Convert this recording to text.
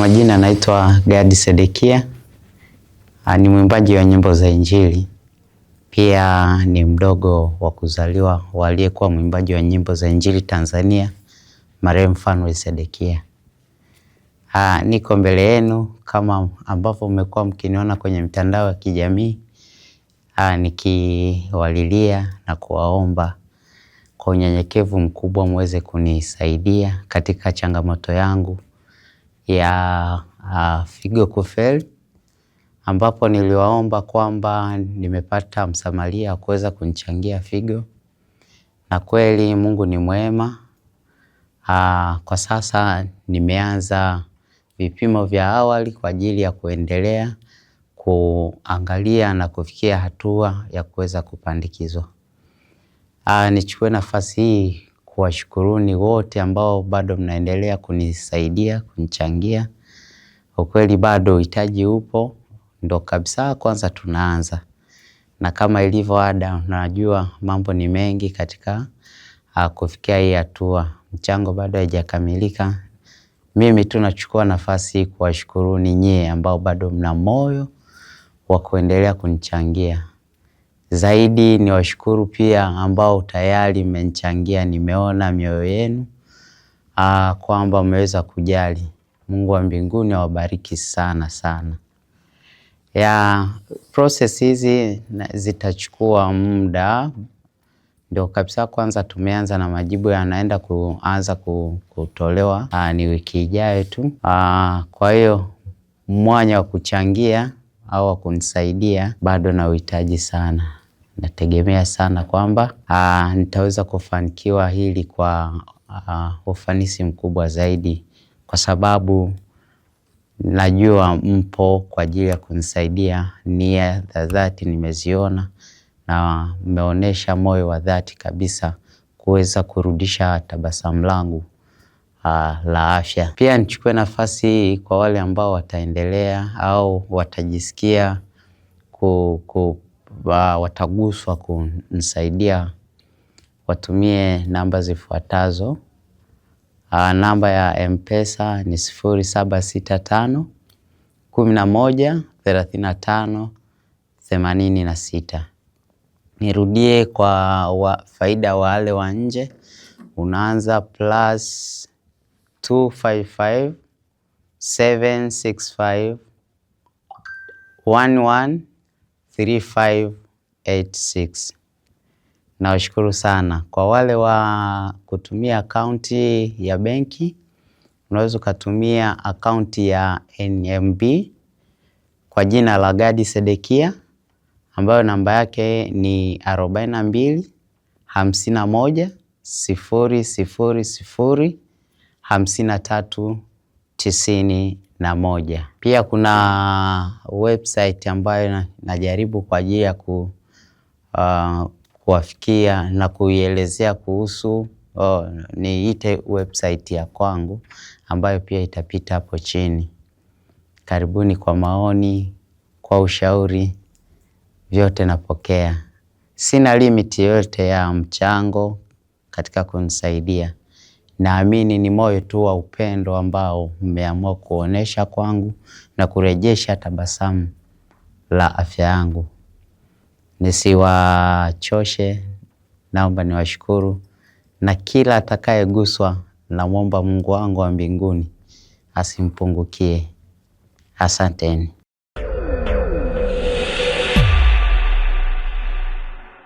majina naitwa Gadi Sedekia. Ah, ni mwimbaji wa nyimbo za Injili, pia ni mdogo wa kuzaliwa waliyekuwa mwimbaji wa nyimbo za Injili Tanzania marehemu Fanuel Sedekia. Ha, ah, niko mbele yenu kama ambavyo mmekuwa mkiniona kwenye mitandao ya kijamii ah, nikiwalilia na kuwaomba kwa unyenyekevu mkubwa muweze kunisaidia katika changamoto yangu ya uh, Figo kufel ambapo niliwaomba kwamba nimepata msamaria kuweza kunichangia figo, na kweli Mungu ni mwema. Uh, kwa sasa nimeanza vipimo vya awali kwa ajili ya kuendelea kuangalia na kufikia hatua ya kuweza kupandikizwa. Uh, nichukue nafasi hii kuwashukuruni wote ambao bado mnaendelea kunisaidia kunichangia. Ukweli bado uhitaji upo, ndo kabisa kwanza tunaanza, na kama ilivyo ada, najua mambo ni mengi katika uh, kufikia hii hatua, mchango bado haijakamilika. Mimi tu nachukua nafasi hii kuwashukuruni nyie ambao bado mna moyo wa kuendelea kunichangia. Zaidi ni washukuru pia ambao tayari mmenichangia, nimeona mioyo yenu ah, kwamba mmeweza kujali. Mungu wa mbinguni awabariki sana sana. Ya process hizi zitachukua muda, ndio kabisa. Kwanza tumeanza na majibu yanaenda kuanza kutolewa aa, ah, ni wiki ijayo tu. Ah, kwa hiyo mwanya wa kuchangia au wa kunisaidia bado nauhitaji sana nategemea sana kwamba ah, nitaweza kufanikiwa hili kwa aa, ah, ufanisi mkubwa zaidi, kwa sababu najua mpo kwa ajili ya kunisaidia. Nia za dhati nimeziona na mmeonyesha moyo wa dhati kabisa kuweza kurudisha tabasamu langu ah, la afya. Pia nichukue nafasi hii kwa wale ambao wataendelea au watajisikia ku, ku, wataguswa kunisaidia watumie namba zifuatazo. Ah, namba ya Mpesa ni sifuri saba sita tano kumi na moja thelathini na tano themanini na sita. Nirudie kwa wa, faida wale wa nje unaanza plus 255 765 11 3586. Nawashukuru sana. Kwa wale wa kutumia akaunti ya benki, unaweza ukatumia akaunti ya NMB kwa jina la Gadi Sedekia ambayo namba yake ni 42 51 000 hamsini na na moja. Pia kuna website ambayo najaribu kwa ajili ya ku, uh, kuwafikia na kuielezea kuhusu oh, niite website ya kwangu ambayo pia itapita hapo chini. Karibuni kwa maoni, kwa ushauri, vyote napokea. Sina limiti yoyote ya mchango katika kunisaidia. Naamini ni moyo tu wa upendo ambao mmeamua kuonesha kwangu na kurejesha tabasamu la afya yangu. Nisiwachoshe, naomba niwashukuru, na kila atakayeguswa, namwomba Mungu wangu wa mbinguni asimpungukie. Asanteni.